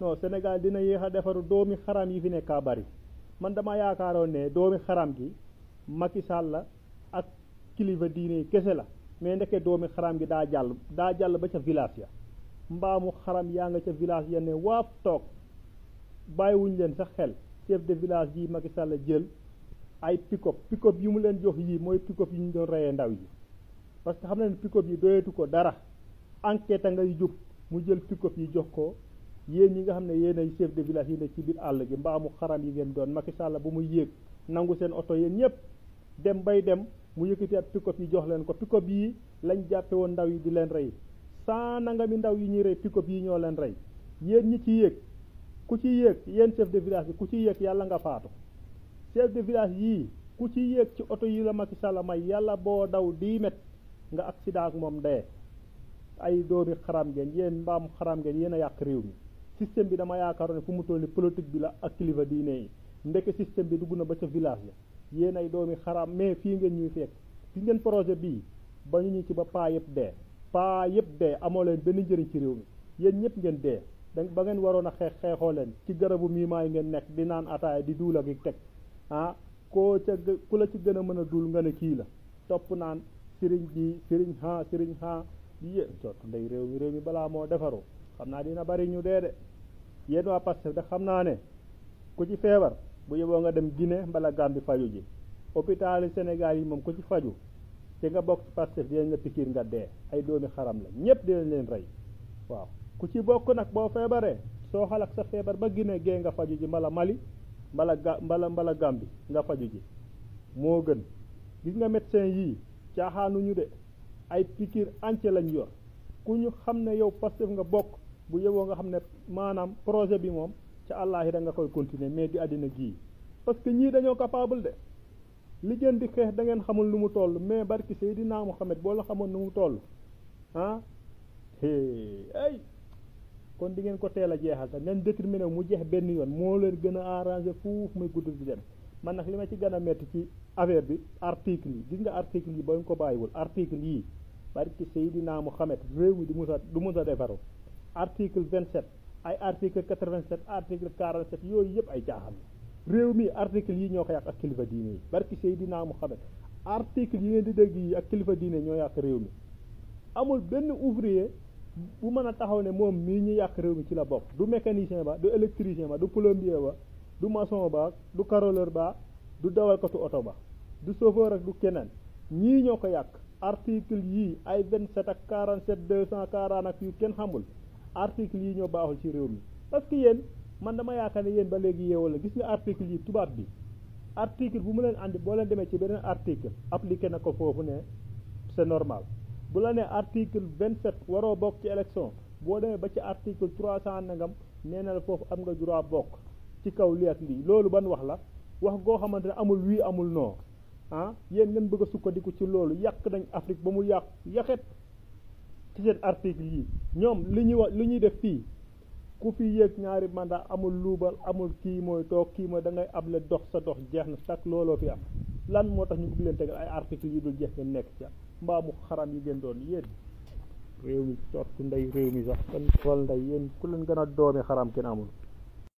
non Sénégal dina yéex a defaru doomi xaram yi fi nekk bari man dama yaakaaroon ne doomi xaram gi Macky Sall la ak kilifa diine kese la mais ndeke doomi xaram gi daa jàll daa jàll ba ca village ya mbaamu xaram yaa nga ca village ya ne waaf toog bàyyiwuñ leen sax xel chef de village yi Macky Sall jël ay pick-up yi mu leen jox yii mooy pick yi ñu doon reyee ndaw yi parce que xam na ne pick yi doyatu ko dara enquête ngay jub mu jël pick yi jox ko yéen ñi nga xam ne yéen ay chef de village yi ne ci biir àll gi mbaamu xaram yi ngeen doon Macky Sall bu muy yéeg nangu seen oto yéen ñëpp dem bay dem mu yëkkati ab pick-up yi jox leen ko pick-up yi lañ jàppe woon ndaw yi di leen rey saa nanga mi ndaw yi ñuy rey pick-up yi ñoo leen rey yéen ñi ci yéeg ku ci yéeg yéen chef de village yi ku ci yéeg yàlla nga faatu chef de village yii ku ci yéeg ci oto yi la Macky Sall may yàlla boo daw dix mètres nga accident ak moom de ay doomi xaram ngeen yéen mbaamu xaram ngeen yéen yàq réew mi système bi dama yaakaaroon ne fu mu tolli politique bi la ak kilifa diine yi ndeke système bi dugg na ba ca village la yéen ay doomi xaraam mais fii ngeen ñuy fekk gis ngeen projet bii ba ñu ñu ci ba paa yëpp dee paa yëpp dee amoo leen benn njëriñ ci réew mi yéen ñëpp ngeen dee da ba ngeen waroon a xeex xeexoo leen ci garabu miimaa yi ngeen nekk di naan ataaya di duul ak teg ah ko ca ku la ci gën a mën a duul nga ne kii la topp naan sëriñ bi sëriñ ha sëriñ ha yé jot réew mi réew mi balaa moo defaroo xam naa dina bari ñu dee de yéen waa Pastef de xam naa ne ku ci feebar bu yeboo nga dem Guinée mbala gàmbi faju ji hôpital yi yi moom ku ci faju te nga bokk ci Pastef dinañ la pikiir nga dee ay doomi xaram la ñëpp dinañ leen rey waaw ku ci bokk nag boo feebaree soo xalak sa feebar ba Guinée gee nga faju ji mbala Mali mbala ga mbala gàmbi nga faju ji moo gën gis nga médecin yii caaxaanuñu de ay pikiir ance lañu yor ku ñu xam ne yow Pastef nga bokk bu yeboo nga xam ne maanaam projet bi moom ca àllaaxira nga koy continuer mais di àddina gii parce que ñii dañoo capable de li ngeen di xeex da ngeen xamul nu mu toll mais barki Seydina Muhammad boo la xamoon nu mu toll ah ay kon di ngeen ko teel a jeexal te ngeen déterminé mu jeex benn yoon moo leen gën a arrangé fuuf muy gudd di man nag li ma ci gën a metti ci affaire bi article yi gis nga article yi ba ñu ko bàyyiwul article yi barki Seydina Muhammad réew mi du musa du musa defaru article 27 ay article 87 article 47 yooyu yëpp ay caaxaan réew mi article yi ñoo ko yàq ak kilifa diine yi barki Seydina Muhammad article yi ngeen di dégg ak kilifa diine ñoo yàq réew mi amul benn ouvrier bu mën a taxaw ne moom mii ñu yàq réew mi ci la bokk du mécanicien ba du électricien ba du plombier ba du mason ba du carreleur ba du dawalkatu oto ba du chauffeur ak du keneen ñii ñoo ko yàq article yii ay vingt 27 ak 47 240 ak yu kenn xamul article yi ñoo baaxul ci réew mi parce que yéen man dama yaakaar ne yéen ba léegi yeewu la gis nga article yi tubaab bi article bu mu leen andi boo leen demee ci beneen article appliqué na ko foofu ne c'est normal bu la nee article vingt-sept waroo bokk ci élection boo demee ba ci article trois cent nangam nee na la foofu am nga droit bokk ci kaw lii ak lii loolu ban wax la wax goo xamante ne amul wii amul non ah yéen ngeen bëgg a sukkandiku ci loolu yàq nañ Afrique ba mu yàq yaxet ci seen article yi ñoom li ñuy wax li ñuy def fii ku fi yéeg ñaari mandat amul luubal amul kii mooy toog kii mooy da ngay able dox sa dox jeex na tak looloo fi am lan moo tax ñu bëgg leen tegal ay article yu dul jeex ngeen nekk ci mbaamu xaram yi ngeen doon yéen réew mi sott ndey réew mi sax kan sol ndey yéen ku leen gën a doomi xaram kenn amul